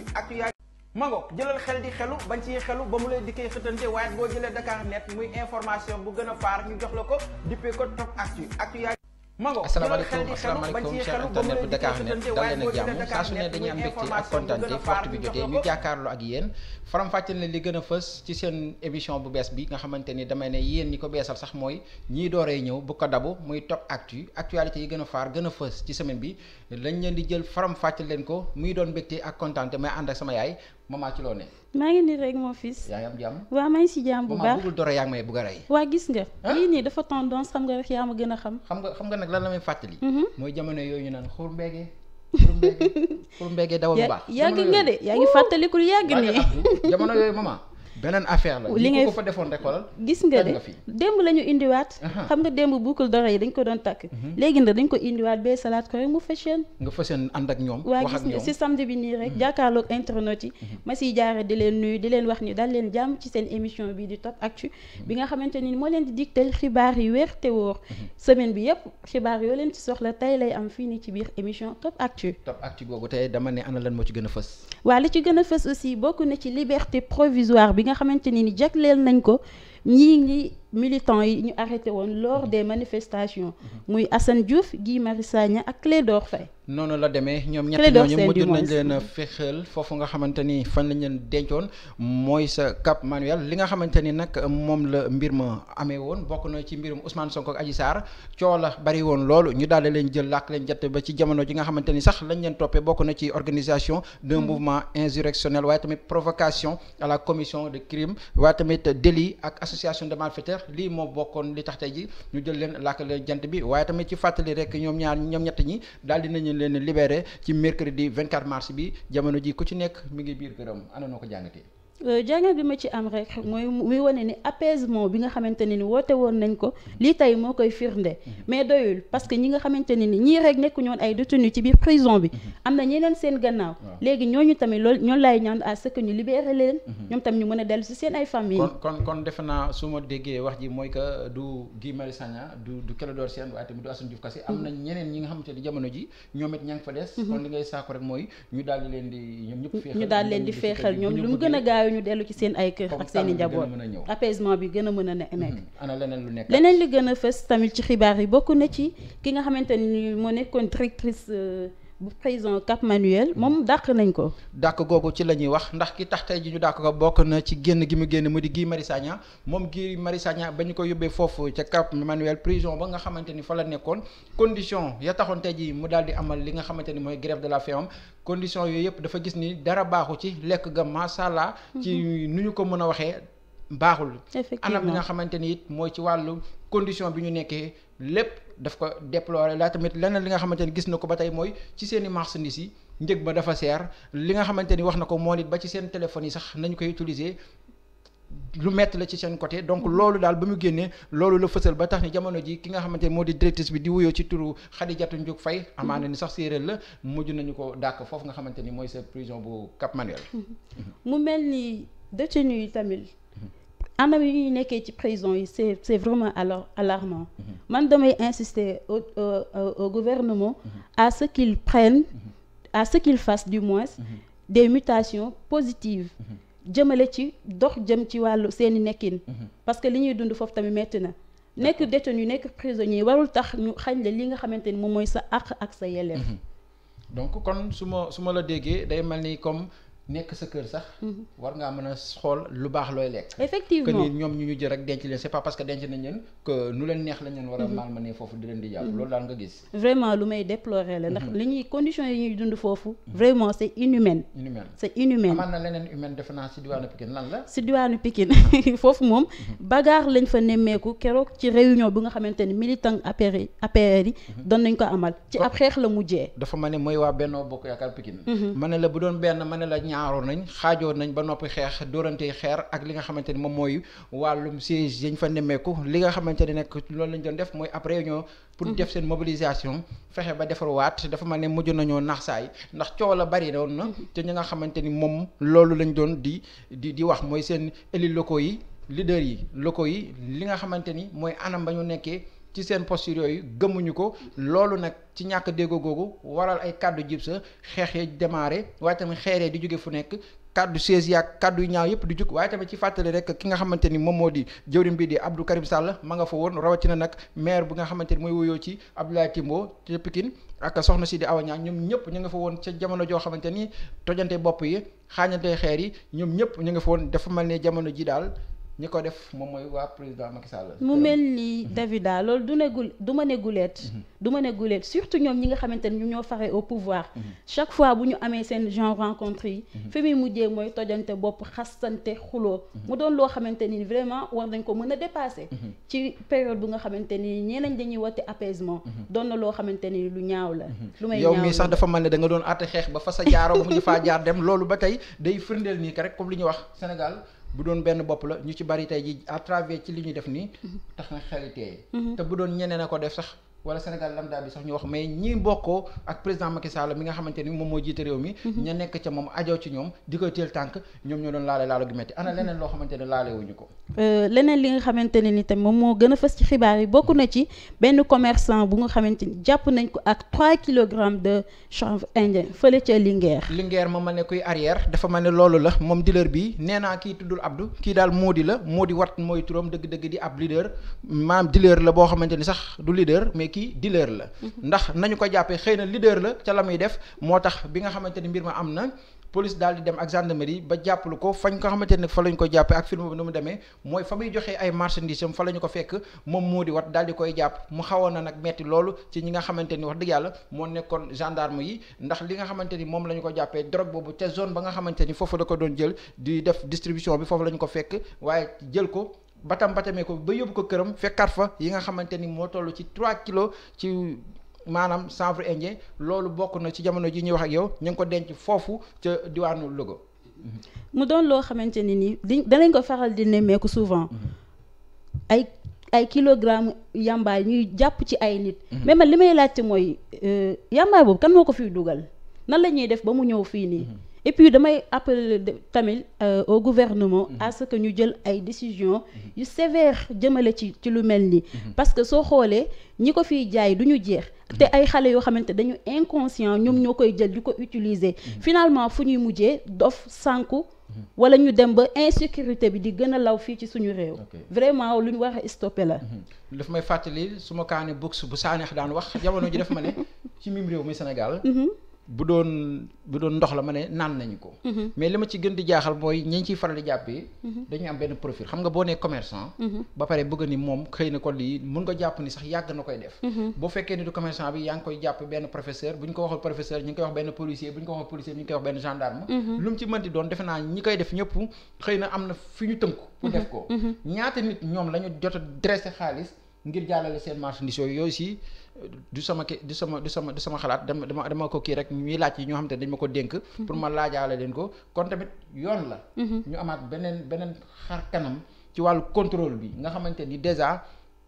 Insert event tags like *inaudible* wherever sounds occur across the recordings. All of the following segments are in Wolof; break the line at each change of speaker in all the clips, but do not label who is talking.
actu actu yaa mango jëlal xel di xelu bañ ciy xelu ba mu lay dikkee xëtante waaye boo jëlee Dakar net muy information bu gën a faar ñu jox la ko dippee ko top actu actu yaa ma ngo asalaamaaleykum asalaamaaleykum cher internet bu Dakar Net dal leen jàmm saa su ne dañuy am mbégte ak kontaante waxtu bi jotee ñu jàkkaarloo ak yéen faram-fàcceel na li gën a fës ci seen émission bu bees bi nga xamante ni damay ne yéen ñi ko beesal sax mooy ñiy dooree ñëw bu ko dabu muy top actu actualité yi gën a faar gën a fës ci semaine bi lañ leen di jël faram-fàcceel leen ko muy doon mbégte ak kontaante may ànd ak sama yaay maman ci loo ne.
maa ngi nii rek moo fils. yaa ngi am jàmm. waaw maa si jàmm bu baax maman
doro yaa ngi may bugg a
waa gis nga. lii nii dafa tendance xam nga rek yaa ma gën a xam. xam nga xam nga nag lan la may fàttali. Mhm.
mooy jamono yooyu ñu naan xur mbége. xur mbége xur mbége dawa bu *laughs* baax. yàgg nga de yaa ngi fàttaliku
yàgg nii. jamono yooyu maman.
beneen affaire la li ngay ko fa defoon rek wala
gis nga de démb la indiwaat xam nga démb boucle d'oreille yi dañ ko doon takk mhm. léegi nag dañ ko indiwaat bee salaat ko rek mu fashion
nga fashion ànd ak ñoom waa gis nga si
samedi bi nii rek mhm. jàkkaarloog internet yi mhm. ma siy jaare di leen nuyu di leen wax ni dal leen jàmm ci seen émission bi di Top Actu bi nga xamante ni moo leen di digtal xibaar yi wér te wóor semaine bi yëpp xibaar yoo leen ci soxla tey lay am fii nii ci biir émission Top
Actu Top Actu googu tey dama ne ana lan moo ci gën a fës
waa li a fës nga xamante ni ni jagleel nañ ko ñii ngi militants yi ñu arrêté woon lors des manifestations mm-hmm. muy Assane Diouf Guy Marius ak Clédor Faye
noonu la demee ñoom ñett ñooñu mujj nañ leen a foofu nga xamante ni fan lañ leen dencoon mooy sa Cap Manuel li nga xamante ni nag moom la mbir ma amee woon bokk na ci mbirum Ousmane Sonko ak Adji Sarr coow la bari woon loolu ñu daal di leen jël làkk leen jatt ba ci jamono ji nga xamante ni sax lañ leen toppee bokk na ci organisation d'un mm. mouvement insurrectionnel waaye tamit provocation à la commission de crime waaye tamit délit ak association de malfaiteurs lii moo bokkoon li tax tey ji ñu jël leen làkk jant bi waaye tamit ci fàttali rek ñoom ñaar ñoom ñett ñi ngi leen libéré ci mercredi 24 mars bi jamono ji ku ci nekk mu ngi biir këram ana noo ko jàngatee.
Euh, jàngal bi ma ci am rek mooy muy wane ni apaisement bi nga xamante ne ni woote woon nañ ko lii tey moo koy firnde mhm. mais doyul parce que ñi nga xamante ne ni ñii rek nekku ñoon ay détenu ci biir prison bi mhm. am na ñeneen seen gannaaw léegi ñooñu tamit loolu ñoom laay ñaan à ce que ñu libéré leen mhm. ñoom tam ñu mën a dellu si ay famille
kon kon defe naa su ma déggee wax ji mooy que du Guy Marius Sagna du du Clédor Sène waaye tamit du Assane Diouf Kassé am na ñeneen ñi nga xamante ni jamono ji ñoom it ña fa des kon li ngay rek mooy ñu daal leen di ñoom ñëpp
ñu daal leen di féexal ñoom lu mu gën a gaaw daayu ñu dellu ci seen ay kër ak seen i njaboot apaisement bi gën a mën a mhm. nekk leneen li gën a fës tamit ci xibaar yi bokk na ci ki nga xamante ni moo nekkoon directrice euh, bu président Cap Manuel moom dàq nañ ko. dàq
googu ci la ñuy wax ndax ki tax tey ji ñu dàq ko bokk na ci génn gi mu génn mu di Guy Marius Sagna moom Guy Marius Sagna ba ñu ko yóbbee foofu ca Cap Manuel prison ba nga xamante ni fa la nekkoon condition ya taxoon tey ji mu daal di amal li nga xamante ni mooy grève de la faim am condition yooyu yëpp dafa gis ni dara baaxu ci lekk ga masala ci mm-hmm. nu ñu ko mën a waxee baaxul. anam li nga xamante ni it mooy ci wàllu condition bi ñu nekkee. lépp daf ko déplorer laa tamit leneen li nga xamante ni gis na ko ba tey mooy ci seen i marchandises yi njëg ba dafa seer li nga xamante ni wax na ko moo nit ba ci seen téléphones yi sax nañu koy utiliser lu metti la ci seen côté donc loolu daal ba mu génnee loolu la fësal ba tax ni jamono ji ki nga xamante ni moo di directrice bi di wuyoo ci turu Xadijatu Njuk Fay amaana ni sax séeréer la mujj nañu ko dàkk foofu nga xamante ni mooy sa prison bu Cap Manuel
*laughs* mu anam yi ñuy nekkee ci prison yi c' est c' est vraiment alors alarmant man damay insister au gouvernement mm-hmm. à ce qu'ils prennent mm-hmm. à ce qu'ils fassent du moins mm-hmm. des mutations positive jëmale ci dox jëm ci wàllu seeni nekkin parce que li ñuy dund foofu tamit metti na nekk détenu nekk prisonnier warul tax ñu xañ la li nga xamante ni moom mooy sa àq ak sa yelleef
donc kon su ma su ma la déggee day mel ni comme nekk sa kër sax. Mhm. war ngaa mën a xool lu baax looy lekk.
effectivement que ni
ñu ñu jël rek denc leen c'est pas parce que denc nañ leen que nu leen neex leen war a mhm. malmené foofu di leen di jàpp mhm. loolu daal nga gis.
vraiment lu may déplorer la ndax li ñuy conditions yi ñuy dund foofu. vraiment c'est inhumaine. inhumaine c'est inhumaine. amaan na leneen humaine defe naa si diwaanu Pikine lan la. si diwaanu Pikine *laughs* foofu moom bagarre lañ fa nemmeeku keroog ci bi nga xamante ni militant APR yi APR yi doon ko amal. ci ab xeex la mujjee.
dafa ma ne mooy waa Benno Bokk Yaakaar Pikine. ma ne la bu doon benn ma ne la ñaar naaroon nañ xaajoo nañ ba noppi xeex dóorante xeer ak li nga xamante ni moom mooy wàllum siège yañ fa nemmeeku li nga xamante ni nag loolu lañ doon def mooy après réunion pour ñu mhm. def seen mobilisation fexe ba defarwaat dafa mel ne mujj nañoo nax saay ndax coow la bari doon na mhm. te ñi nga xamante ni moom loolu lañ doon di di di wax mooy seen élus locaux yi leaders yi locaux yi li nga xamante ni mooy anam ba ñu nekkee ci seen posture yooyu gëmuñu ko loolu nag ci ñàkk déggoo googu waral ay kàddu jib sa xeex ya démarré waaye tamit xeeree di jóge fu nekk kaddu sées yaag kaddu yu ñaaw yëpp di jug waaye tamit ci fàttali rek ki nga xamante ni moom moo di jëwriñ bi di Abdou Karim Sall ma nga fa woon na nag maire bi nga xamante ni mooy wuyoo ci Abdoulaye Timbo ci Pikine ak soxna si di Awa ñoom ñëpp ñu nga fa woon ca jamono joo xamante ni tojante bopp yi xaañante xeer yi ñoom ñëpp ñu nga fa woon dafa mel ne jamono ji daal ñi ko def moom mooy waa président Macky Sall mu
mel nii Davida loolu du negul du ma neguleet mhm. du ma neguleet surtout ñoom ñi nga xamante ne ñu ñoo faree au pouvoir mhm. chaque fois bu ñu amee seen genre rencontre yi mhm. fi muy mujjee mooy tojante bopp xasante xuloo mu doon loo xamante ni vraiment war nañ ko mën a dépasser ci période bu nga xamante ni ñeneen dañuy wote apaisement doon na loo xamante ni lu ñaaw la lu may yow sax
dafa man ne da doon àtte xeex ba fa sa jaaroo fu ñu jaar dem loolu ba tey day firndeel nii ka rek comme lu ñu wax Sénégal bu doon benn bopp la ñu ci bari tey ji à travers ci li ñuy def nii mhm. tax na xel teey mhm. te bu doon ñeneen a ko def sax wala Sénégal lambda bi sax ñu wax mais ñi bokkoo ak président Macky Sall mi nga xamante moom moo jiite réew mi mhm. ña nekk ca moom ajoo ci ñoom di koy teel tànk ñoom ñoo doon laale laalo gi metti ana mhm. leneen loo xamante
euh, li nga xamante ne ni tam moom moo gën a fës ci xibaar yi bokk na ci benn commerçant bu nga xamante ni jàpp nañ ko ak 3 kilogrammes de chanvre indien fële ca Linguère
Linguère moom ma ne kuy arrière dafa ma ne loolu la moom dealer bi nee naa kii tuddul kii daal moo di la moo di wat mooy turam dëgg-dëgg di ab leader maam dealer la boo xamante ni sax kii dealer la ndax nañu ko jàppee xëy na leader la ca la muy def moo tax bi nga xamante ni mbir ma am na police daal di dem ak gendarmerie ba jàppalu ko fañ ko xamante ne fa lañ ko jàppee ak film bi mu demee mooy fa muy joxee ay marchandises am fa la ñu ko fekk moom moo di wat daal koy jàpp mu xawoon na nag metti loolu ci ñi nga xamante ni wax dëgg yàlla moo nekkoon gendarme yi li nga xamante ni moom la ñu ko jàppee drogue boobu te zone ba nga xamante ni foofu la ko doon jël di def distribution bi foofu la ñu ko fekk waaye jël ko batam batamee ko ba yóbbu ko këram fekkaat fa yi nga xamante ni moo tollu ci 3 kilos ci maanaam chanvre indien loolu bokk na ci jamono ji ñuy wax ak yow ñu ngi ko denc foofu ca diwaanu Louga.
mu doon loo xamante ni nii di danañ ko faral di nemmeeku souvent mm-hmm. ay ay kilo kilogramme yambaay ñuy jàpp ci ay nit. Mm-hmm. mais man li may laajte mooy euh, yambaay boobu kan moo ko fiy dugal nan lañuy def ba mu ñëw fii nii. Mm-hmm. et puis damay appeler tamit euh, au gouvernement mm-hmm. à que ñu jël ay décisions mm-hmm. yu sévères jëmale ci lu mel nii mm-hmm. parce que soo xoolee ñi ko fiy jaay du ñu jeex te ay xale yoo xamante dañu inconscient ñoom ñoo koy jël di ko utiliser finalement fu ñuy mujjee dof sànku wala ñu dem ba insécurité bi di gën a law fii ci suñu réew vraiment lu ñu war a stoppé la
daf may fàttali suma ma kaane box bu saaneex daan wax jamono ji dafa ma ne ci mim réew muy Sénégal bu doon bu doon ndox la ma ne naan nañu ko. Mhm. mais li ma ci gën di jaaxal mooy ñi ciy faral di jàppee. Mhm. dañuy am benn profil xam nga boo nee commerçant. Mhm. ba pare bëgg ni moom xëy na ko lii mun nga jàpp ni sax yàgg na koy def. boo fekkee ni du commerçant bi yaa ngi koy jàpp benn professeur bu ñu ko waxul professeur ñu ngi wax benn policier bu ñu ko waxul policier ñu ngi wax benn gendarme. lu mu ci mënti doon defe naa ñi koy def ñëpp xëy na am na fi ñu la ñu jot a dressé xaalis. ngir jàllale seen marchandises yooyu yooyu si du sama ki du sama du sama du sama xalaat dama dama ko kii rek ñuy laaj yi ñoo xam te dañ ma ko dénk pour ma laajaale leen ko kon tamit yoon la mhm. ñu amaat beneen beneen xar kanam ci wàllu contrôle bi nga xamante ni déjà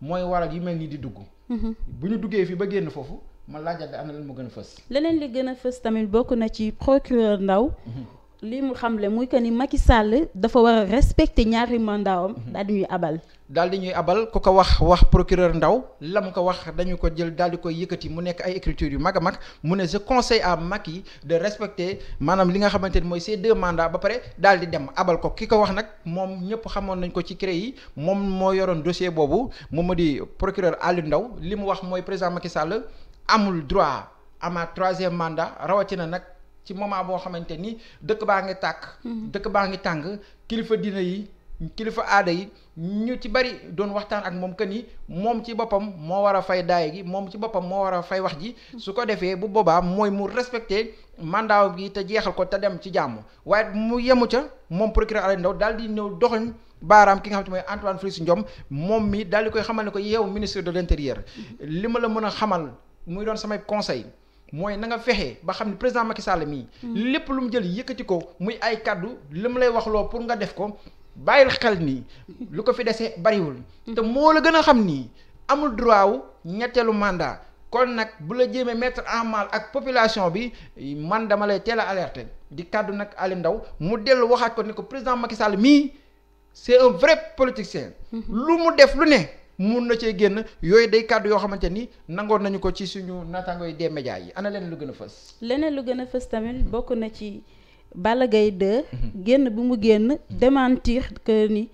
mooy a yi mel ni di dugg mhm. bu ñu duggee fii ba génn foofu ma laajal am na leen mu gën a fës
leneen li gën a fës tamit bokk na ci procureur Ndao mhm. li mu xamle muy que ni Macky Sall dafa war a respecter ñaari mandat
daal di ñuy abal ko ko wax wax procureur Ndaw la mu ko wax dañu ko jël daal di koy yëkkati mu nekk ay écriture yu mag a mag mu ne je conseille yi Macky respecter maanaam li nga xamante ni mooy ces deux mandats ba pare daal di dem abal ko ki ko wax nag moom ñëpp xamoon nañ ko ci CREI yi moom moo yoroon dossier boobu moom ma di procureur Aliou Ndaw li mu wax mooy président Macky Sall amul droit amaat troisième mandat rawatina nag ci moment boo xamante ni dëkk baa ngi tàkk. Mm-hmm. dëkk baa ngi tàng kilifa dina yi. kilifa aada yi ñu ci bari doon waxtaan ak moom que ni moom ci boppam moo war a fay daay gi moom ci boppam moo war a fay wax ji su ko defee bu boobaa mooy mu respecté mandat gi te jeexal ko te dem ci jàmm waaye mu yemu ca moom procureur Alioune Ndao daal di ñëw doxañ baaraam ki nga xam te mooy Antoine Félix Diome moom mi daal di koy xamal ne ko yow ministre de l'intérieur li ma la mën a xamal muy doon samay conseil mooy na nga fexe ba xam ne président Macky Sall mii mm. lépp lu mu jël yëkkati ko muy ay kaddu li mu lay waxloo pour nga def ko bàyyil xel ni lu ko fi dese bariwul te moo la gën a xam nii amul droit wu ñetteelu mandat kon nag bu la jéemee mettre en mal ak population bi man dama lay teel a di kàddu nag Ali Ndaw mu dellu waxaat ko ni ko président Macky Sall mii c'est un vrai politicien lu mu def lu ne mun na cee génn yooyu day kàddu yoo xamante ni nangoon nañu ko ci suñu
naataangooy des yi ana leneen lu gën a fës leneen lu gën a fës tamit bokk na ci Balla gay 2 mhm. génn bi mu génn démentir que ni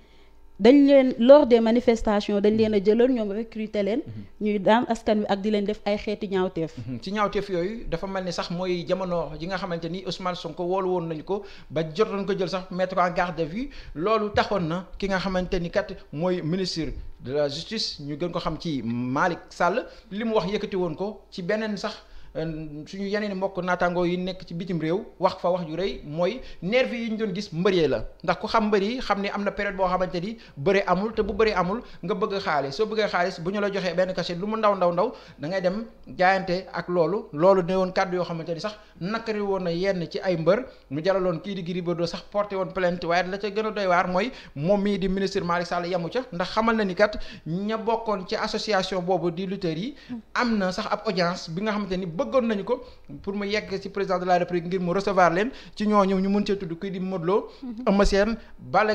dañ leen lors des manifestations dañ leen a jëloon ñoom recruter leen mhm. ñuy daan askan wi ak di leen def ay xeeti ñaawteef
mhm. ci ñaawteef yooyu dafa mel ni sax mooy jamono yi nga xamante ni son ko wool woon nañu ko ba jot jotoon ko jël sax mettre en garde à loolu taxoon na ki nga xamante ni kat mooy ministre de la justice ñu gën ko xam ci Malick sàll li mu wax yëkkati woon ko ci beneen sax Euh, suñu yeneen mbokk naataangoo yi nekk ci bitim réew wax fa wax ju rëy mooy nervi yi ñu doon gis mbëree la ndax ku xam yi xam ne am na période boo xamante ni bëri amul te bu bëri amul nga bëgg xaalis soo bëggee xaalis bu ñu la joxee benn cachet lu mu ndaw ndaw ndaw da ngay dem jaayante ak loolu loolu ne woon kàddu yoo xamante ni sax nakari woon na yenn ci ay mbër mu jaraloon kii di Gris Bordeaux sax porté woon plainte waaye la ca gën a doy waar mooy moom mii di ministre Malick Sall yamu ca ndax xamal na ni kat ña bokkoon ci association boobu di lutteurs yi am na sax ab audience bi nga xamante ni bëggoon nañu ko pour mu yegg ci président de la république ngir mu recevoir leen ci ñooñu ñu mën cee tudd kii di Modou Lo mhm. Eumeu Sène Balla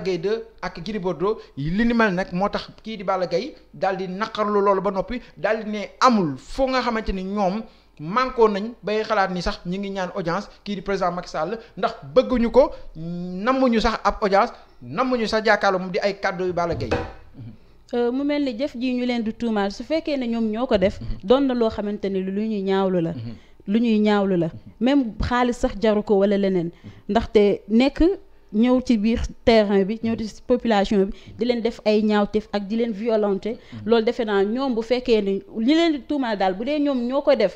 ak Gris Bordeaux li ni mel nag moo tax kii di Balla Gaye daal di naqarlu loolu ba noppi daal di ne amul foo nga xamante ni ñoom manko nañ bay xalaat ni sax ñu ngi ñaan audience kii di président Macky Sall ndax bëgguñu ko nammuñu sax ab audience nammuñu sax jàkkaarloo mu di ay kàddu yu Balla Gaye
Euh, mu mel ni jëf ji ñu leen di tuumaal su fekkee ne ñoom ñoo ko def mhm. doon na loo xamante ni lu ñuy ñaawlu la mhm. lu ñuy ñaawlu la mhm. même xaalis sax jaru ko walla leneen ndaxte nekk ñëw ci biir terrain bi ñëw ci population bi di leen def ay ñaawteef ak di leen violenter loolu defe naa ñoom bu fekkee ni li leen di tuumaal daal bu dee ñoom ñoo ko def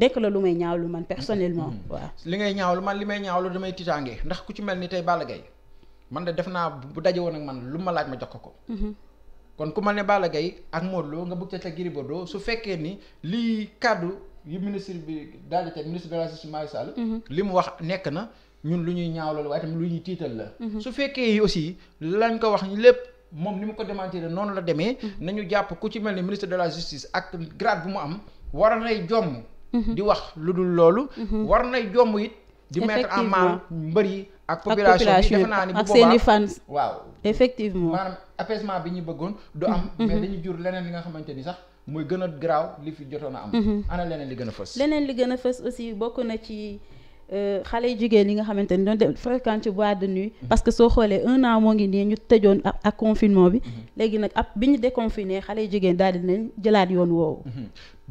dekk la lu may ñaawlu man personnellement waaw
li ngay ñaawlu man li may ñaawlu damay tiitaange ndax ku ci mel ni tey Balla man de def naa bu daje woon ak man lu ma laaj ma jox ko mhm. kon ku ma ne Balla Gaye ak Modou Lo nga bëgg ca teg Gris su fekkee ni lii kàddu yu ministre bi daal di ministre de la justice Macky mhm. li mu wax nekk na ñun lu ñuy ñaawloo la waaye tamit lu ñuy tiital la. Mhm. su fekkee yi aussi lañ ko wax lépp. moom ni mu ko démentir noonu la demee. nañu jàpp ku ci mel ni ministre de la justice ak grade bu mu am war nay jomm. di wax lu dul loolu. war nay jomm di mettre en mal mbër ak population bi defe naa ni bu boobaa ak seen i waaw
effectivement maanaam
apaisement bi ñu bëggoon du am mhm. mais mhm. dañu jur leneen li nga xamante ni sax mooy gën a garaaw li fi jotoon a am mhm. ana
leneen li gën a fës leneen li gën a fës aussi bokk na ci euh, xale yu jigéen yi nga xamante ni doon dem fréquenté boîte de nuit parce que soo xoolee un an moo ngi nii ñu tëjoon ak confinement bi léegi nag ab bi ñu déconfiné xale yu jigéen daal dinañ jëlaat yoon woowu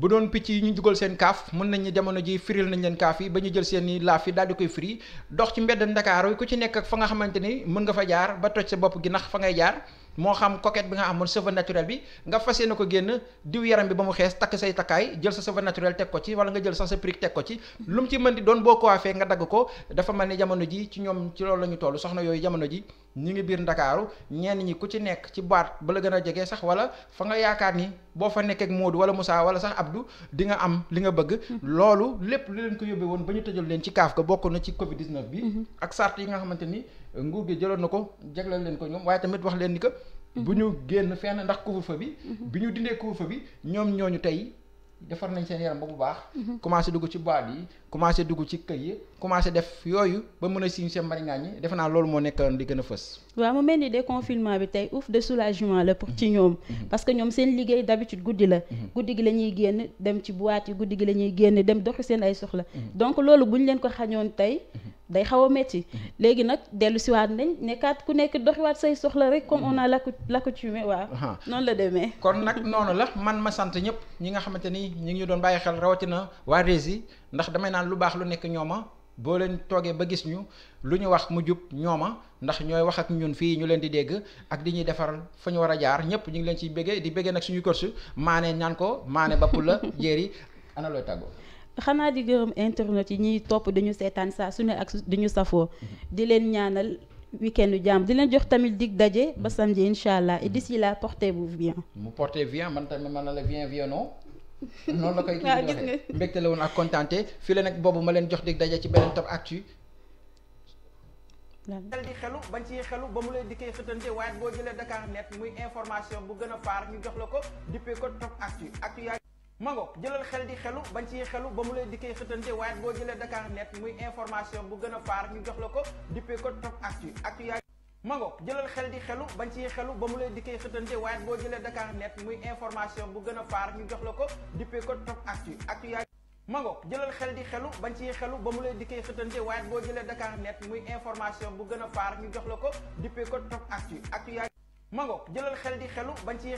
bu doon picc yi ñu jugal seen kaaf mën nañu jamono ji firil nañ leen kaaf yi ba ñu jël seeni i laaf yi daal di koy firi dox ci mbedd ndakaaru ku ci nekk ak fa nga xamante ni mën nga fa jaar ba toj sa bopp gi nax fa ngay jaar moo xam coquette bi nga amoon cheveux naturel bi nga fas yéene ko génn diw yaram bi ba mu xees takk say takkaay jël sa cheveux naturel teg ko ci wala nga jël sax sa perruque teg ko ci lu mu ci mën di doon boo ko afee nga dagg ko dafa mel ni jamono ji ci ñoom ci loolu la ñu toll soxna yooyu jamono ji ñu ngi biir ndakaaru ñenn ñi ku ci nekk ci baat ba la gën a jege sax wala fa nga yaakaar ni boo fa nekkee ak Modou wala Moussa wala sax abdu di nga am li nga bëgg mm-hmm. loolu lépp li leen ko yóbbee woon ba ñu tëjal leen ci kaaf ga bokk na ci Covid 19 bi mm-hmm. yi nga xamante ni nguur gi jëloon na ko jaglal leen ko ñoom waaye tamit wax leen ni que Mm-hmm. bu ñu génn fenn ndax couvre-feu bi. Mm-hmm. bi ñu dindee couvre-feu bi ñoom ñooñu tey defar nañ seen yaram ba bu baax. Mm-hmm. commencé dugg ci boîte yi commencé dugg ci kër yi commencé def yooyu ba mën a siñ seen mariñaan yi defe naa loolu moo nekkoon di gën a fës.
waaw mu mel ni confinement bi tey ouf de soulagement la pour ci ñoom. parce que ñoom seen liggéey d'habitude guddi la. guddi gi la ñuy génn dem ci boîte yi guddi gi la ñuy génn dem doxi seen ay soxla. donc loolu bu ñu leen ko xañoon tey. day xaw a métti mhm. léegi nag dellu siwaat nañ nekkaat ku nekk doxiwaat say soxla rek comme mhm. on a la l'accoutumé waa
noonu la demee kon nag noonu la man ma sant ñëpp ñi nga xamante ni ñi ngi ñu doon bàyyi xel rawatina waa Rési ndax damay naan lu baax lu nekk ñooma boo leen toogee ba gis ñu lu ñu wax mu jub ñooma ndax ñooy wax ak ñun fii ñu leen di dégg ak di ñuy defaral fa ñu war a jaar ñëpp ñu ngi leen ciy béggee di béggee nag suñu coach maanee ñaan ko maane ba pula jéeri ana
looy tàggoo xanaa di gërëm internet yi ñuy topp dañu seetaan saa su ne ak dañu safoo di leen ñaanal week-end jàmm di leen jox tamit dig daje ba samedi incha allah et d'ici là portez-vous bien.
mu portez bien man tamit man na la bien bien *laughs* noonu la koy kii di waxee mbégte la woon ak contenté fii la nag boobu ma leen jox dig daje ci beneen top actu. dal di xelu bañ ciy xelu ba mu lay dikkee xëtante waaye boo jëlee Dakar net muy information bu gën a faar ñu jox la ko dippee ko mango jëlal xel di xelu bañ ciy xelu ba mu lay dikkee xëtante waaye boo jëlee Dakar net muy information bu gën a faar ñu jox la ko dippee ko top actu actu yaa mango jëlal xel di xelu bañ ciy xelu ba mu lay dikkee xëtante waaye boo jëlee Dakar net muy information bu gën a faar ñu jox la ko dippee ko top actu actu yaa mango jëlal xel di xelu bañ ciy xelu ba mu lay dikkee xëtante waaye boo jëlee Dakar net muy information bu gën a faar ñu jox la ko dippee ko top actu actu yaa mango jëlal xel di xelu bañ ciy